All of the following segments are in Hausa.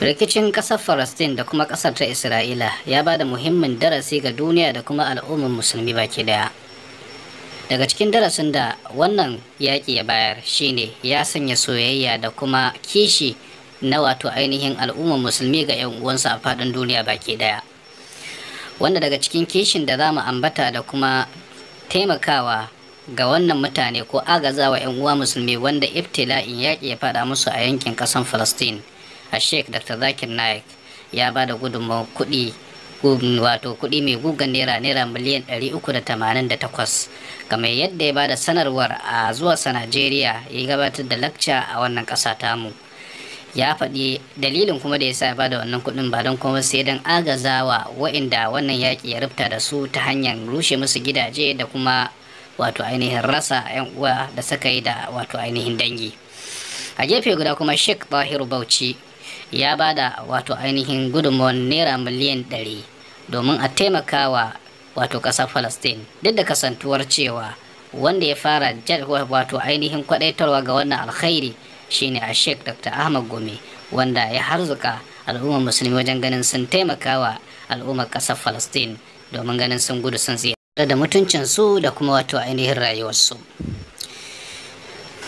rikicin kasar falastin da kuma kasar ta isra'ila ya ba da muhimmin darasi ga duniya da kuma al'ummar musulmi baki daya daga cikin darasin da wannan yaƙi ya bayar shine ya sanya soyayya da kuma kishi na wato ainihin al'ummar musulmi ga 'yan uwansa a faɗin duniya baki daya wanda daga cikin kishin da za mu ambata da kuma taimakawa ga wannan mutane ko agazawa 'yan uwa musulmi wanda ibtila'in yaƙi ya faɗa musu a yankin ƙasar falastin a sheik dr zakir naik ya ba da gudunmawar kuɗi wato kuɗi mai gugan naira naira miliyan 388 kamar yadda ya ba da sanarwar a zuwa sa najeriya ya gabatar da lakca a wannan ƙasa tamu ya faɗi dalilin kuma da ya sa ba da wannan kuɗin ba don kuma sai don agazawa wa'inda wannan yaƙi ya rufta da su ta hanyar rushe musu gidaje da kuma wato ainihin rasa 'yan uwa da suka yi da wato ainihin dangi a gefe guda kuma sheik bahiru bauchi ya bada wato ainihin gudunmawar naira miliyan 100 domin a taimakawa wato kasar palestine duk da kasantuwar cewa wanda ya fara wato ainihin kwadaitarwa ga wannan alkhairi shine a sheik Dr. Ahmad Gome wanda ya harzuka al'ummar musulmi wajen ganin sun taimakawa al'ummar kasar palestine domin ganin sun gudu sun da mutuncin su da kuma wato ainihin rayuwarsu.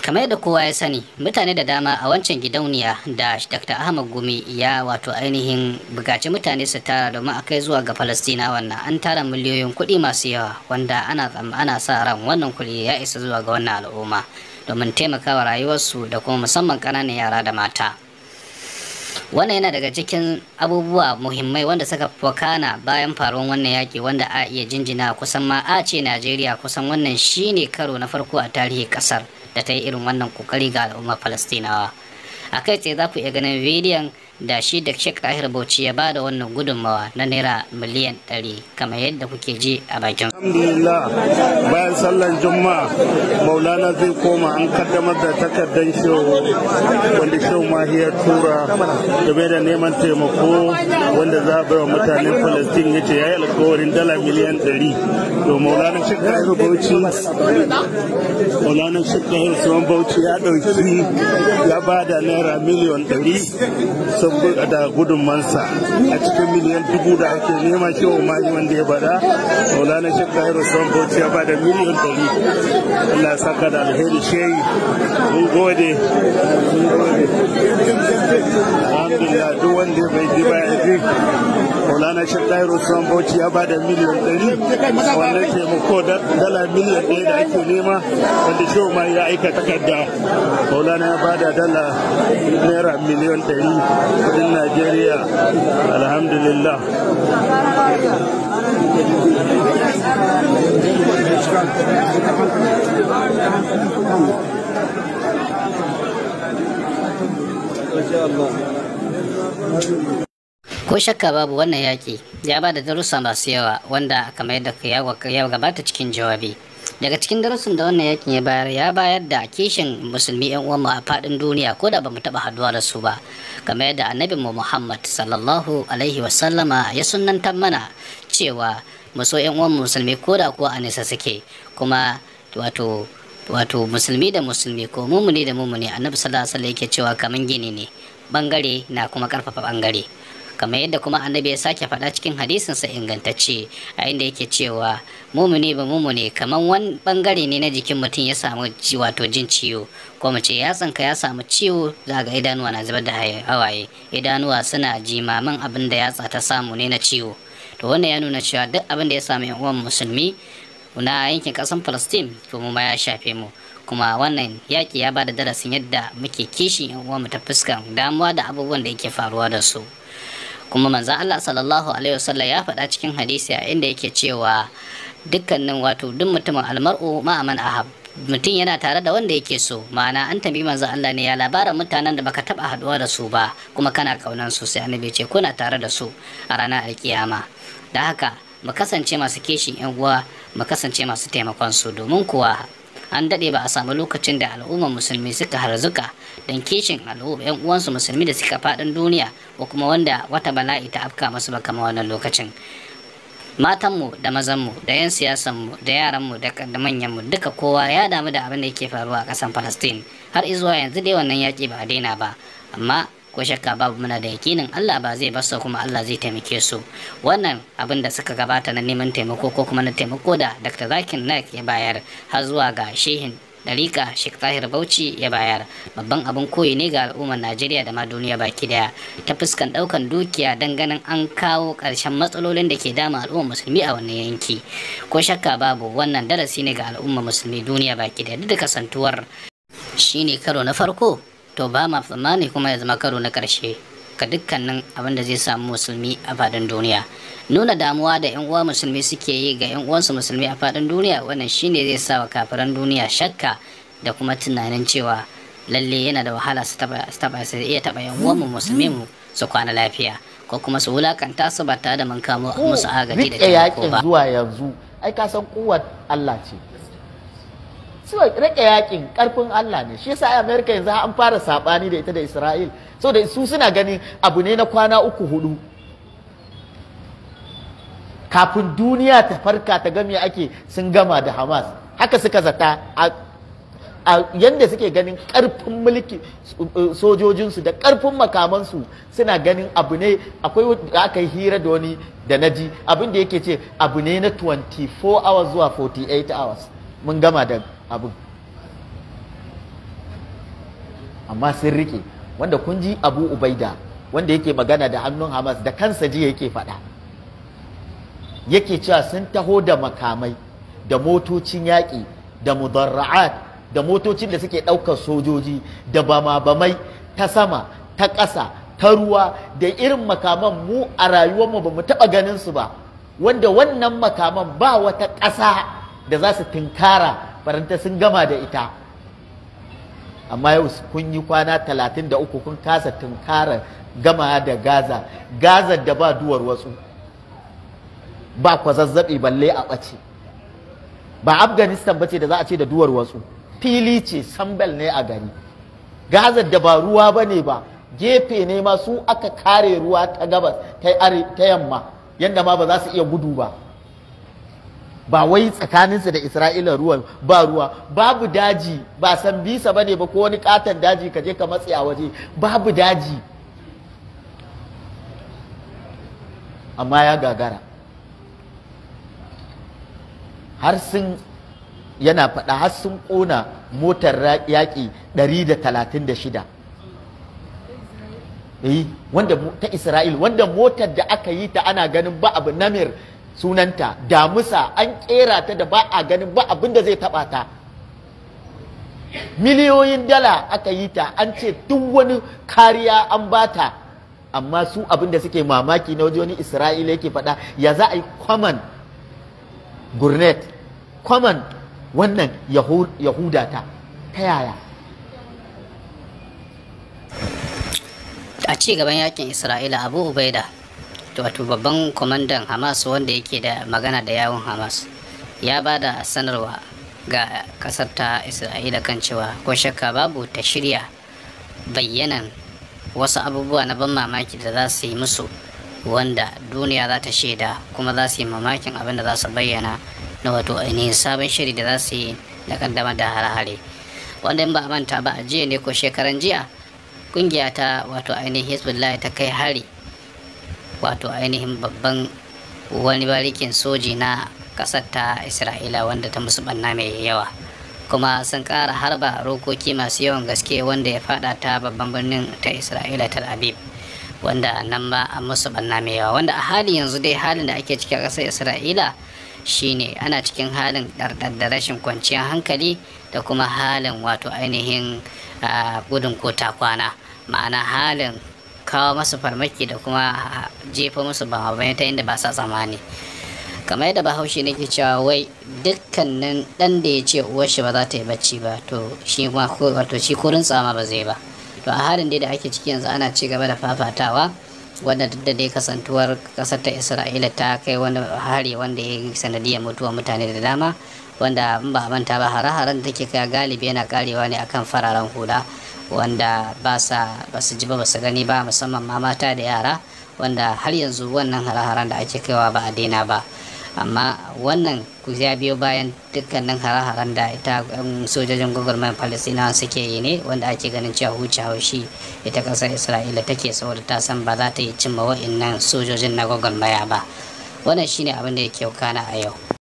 kamar yadda kowa ya sani mutane da dama a wancan gidauniya da dr ahmad gumi ya wato ainihin bukaci mutane su tara domin a kai zuwa ga falastina wannan an tara miliyoyin kuɗi masu yawa wanda ana ana sa ran wannan kuɗi ya isa zuwa ga wannan al'umma domin taimakawa rayuwarsu da kuma musamman ƙananan yara da mata wannan yana daga cikin abubuwa muhimmai wanda suka fokana bayan faruwar wannan yaƙi wanda a iya jinjina kusan ma a ce najeriya kusan wannan shine karo na farko a tarihi kasar. da ta yi irin wannan kokari ga al'ummar falastinawa a kai ce za ku iya ganin bidiyon da shi da shek ahir Bauchi ya bada wannan gudunmawa na naira miliyan 100 kamar yadda kuke ji a bakin Alhamdulillah bayan sallan Juma'a Maulana zai koma an kaddamar da takardar shehu wanda shehu mahi tura tura game da neman taimako wanda za a baiwa mutanen Palestine ya yayi alkawarin dala miliyan 100 to Maulana shek ahir Bauchi Maulana Sheikh Tahir Bauchi ya dauki ya bada naira miliyan 100 da gudunmansa a cikin miliyan dubu da ake nema shi mali wanda ya bada maulana shekka ya son bauchi ya bada miliyan dari allah saka da alheri shehi mun gode alhamdulillah duk wanda bai ji ba ya ji Olana shek dairo suwan bauchi ya bada miliyan ɗari wannan taimako dala miliyan ɗaya da ake nema wanda shehu ma ya aika takarda maulana ya bada dala naira miliyan ɗari kudin najeriya alhamdulillah ما شاء الله ko shakka babu wannan yaƙi ya ba da darussa masu yawa wanda kamar yadda ya gabata cikin jawabi daga cikin darussan da wannan yakin ya bayar ya bayar da kishin musulmi yan uwanmu a fadin duniya ko da bamu taba haduwa da su ba kamar yadda annabi mu Muhammad sallallahu alaihi sallama ya sunantar mana cewa muso yan uwan musulmi ko da kuwa a nesa suke kuma wato wato musulmi da musulmi ko mumuni da mumuni annabi sallallahu alaihi yake cewa kaman gini ne bangare na kuma karfafa bangare kamar yadda kuma annabi ya sake faɗa cikin hadisinsa ingantacce a inda yake cewa mumuni ba mumune kamar wani bangare ne na jikin mutum ya samu wato jin ciwo ko mu ce yatsanka ya samu ciwo za ga idanuwa na zubar da hawaye idanuwa suna jimamin abin da yatsa ta samu ne na ciwo to wannan ya nuna cewa duk abin da ya samu yan uwan musulmi na yankin kasan Palestine to mu ma ya shafe mu kuma wannan yaƙi ya bada darasin yadda muke kishin yan uwanmu mu ta fuskan damuwa da abubuwan da yake faruwa da su kuma manzan Allah sallallahu alaihi wasallam ya faɗa cikin hadisi a inda yake cewa dukkanin wato duk mutumin almar'u ma ahab mutum yana tare da wanda yake so ma'ana an tambi manzan Allah ne ya labarin mutanen da baka taba haduwa da su ba kuma kana kaunan su sai annabi ce kuna tare da su a ranar alkiyama da haka mu kasance masu keshin yan uwa mu kasance masu taimakon su domin kuwa an daɗe ba a samu lokacin da al'ummar musulmi suka harzuka don kishin al'umma 'yan uwansu musulmi da suka faɗin duniya ko kuma wanda wata bala'i ta afka masu ba kamar wannan lokacin matanmu da mazanmu da 'yan siyasanmu da yaranmu da manyanmu duka kowa ya damu da abin da yake faruwa a kasan Falastin har izuwa yanzu dai wannan yaƙi ba a daina ba amma ko shakka babu muna da yakinin Allah ba zai basa kuma Allah zai taimake su wannan abin da suka gabata na neman taimako ko kuma na taimako da Dr. Zakin Naik ya bayar har zuwa ga shehin Dalika Sheikh Tahir Bauchi ya bayar babban abin koyi ne ga al'ummar Najeriya da ma duniya baki daya ta fuskan daukan dukiya dan ganin an kawo karshen matsalolin da ke dama al'ummar musulmi a wannan yanki ko shakka babu wannan darasi ne ga al'ummar musulmi duniya baki daya duk da kasantuwar shine karo na farko to ba ma tsammani kuma ya zama karo na ƙarshe ga dukkanin abin da zai samu musulmi a faɗin duniya nuna damuwa da yan uwa musulmi suke yi ga yan uwansu musulmi a faɗin duniya wannan shine zai sa wa kafiran duniya shakka da kuma tunanin cewa lalle yana da wahala su taba su iya taba yan uwan musulmi mu su kwana lafiya ko kuma su wulakanta su ba tare da mun kamo musu agaji da ko ba zuwa yanzu ai ka san kuwar Allah ce su rike yakin karfin Allah ne shi yasa a America yanzu an fara sabani da ita da Isra'il so da su suna ganin abu ne na kwana uku hudu kafin duniya ta farka ta game ake sun gama da Hamas haka suka zata a yadda suke ganin karfin mulki sojojinsu da karfin makamansu suna ganin abu ne akwai da aka yi hira da wani da naji abin da yake ce abu ne na 24 hours zuwa 48 hours mun gama da abin amma sun rike wanda kun ji abu ubaida wanda yake magana da hannun hamas da kansa ji yake faɗa yake cewa sun taho da makamai da motocin yaƙi da mudarra'at da motocin da suke ɗaukar sojoji da bama-bamai ta sama ta ƙasa ta ruwa da irin makaman mu a rayuwarmu ba mu taɓa ganin su ba wanda wannan makaman ba wata ƙasa da za su tinkara faranta sun gama da ita amma yau kun yi kwana talatin da uku kun kasa tinkara gama da gaza gaza da ba duwar wasu ba zazzabi balle a ɓace ba afghanistan ba ce da za a ce da duwar wasu fili ce sambal ne a gari Gaza da ba ruwa ba ne ba gefe ne ma su aka kare ruwa ta gabas ta yamma yadda ma ba za su iya gudu ba ba wai tsakaninsa da isra'ila ruwan ba ruwa babu daji ba san bisa ba ne ba ko wani katon daji ka je ka matse a waje babu daji amma ya gagara har sun yana faɗa har sun ƙona motar yaƙi 136 eh, wanda ta isra'il wanda motar da aka yi ta ana ganin ba abu namir sunanta damusa an kera ta da ba a ganin ba abinda zai taba ta miliyoyin dala aka yi ta an ce duk wani kariya an ba ta amma su abinda suke mamaki na waje wani isra'ila yake faɗa ya za a yi kwaman gurnet kwaman wannan yahuda ta ta yaya a ci gaban yakin isra'ila abu ubaida wato babban kwamandan hamas wanda yake da magana da yawun hamas ya ba da sanarwa ga kasar ta isra'ila kan cewa ko shakka babu ta shirya bayyanan wasu abubuwa na ban mamaki da za su yi musu wanda duniya za ta shaida kuma za su yi mamakin abin da za su bayyana na wato ainihin sabon shiri da za su yi na kaddama da hare-hare wanda ba a manta ba a jiya ne ko shekaran jiya kungiya ta wato ainihin hezbollah ta kai hari wato ainihin babban wani barikin soji na kasar ta isra'ila wanda ta musu banna mai yawa kuma sun kara harba rokoki masu yawan gaske wanda ya fada ta babban birnin ta isra'ila tel aviv wanda nan ma a musu banna mai yawa wanda a halin yanzu dai halin da ake cikin kasar isra'ila shine ana cikin halin ɗarɗar da rashin kwanciyar hankali da kuma halin wato ainihin ah, gudun ko kwana ma'ana halin kawo masu farmaki da kuma jefa musu ba ta inda ba sa tsammani kamar yadda bahaushe nake cewa wai dukkanin dan da ya ce uwar shi ba za ta yi bacci ba to shi ma ko wato shi kurin tsama ba zai ba to a halin dai da ake ciki yanzu ana ci gaba da fafatawa wanda duk da dai kasantuwar kasar ta isra'ila ta kai wani hari wanda ya yi sanadiyar mutuwar mutane da dama wanda ba ba manta ba hare-haren da take kai galibi yana karewa ne akan fararen hula wanda ba su ji ba ba su gani ba musamman ma mata da yara wanda har yanzu wannan hare-haren da ake kaiwa ba a daina ba amma wannan ya biyo bayan dukkanin hare-haren da ita um, sojojin gwagwarmayar palestina suke yi ne wanda ake ganin cewa huce haushi ita kasar isra'ila take saboda ta san ba za ta yi cimma wa'innan sojojin na gwagwarmaya ba wannan shine abin da yake kana a yau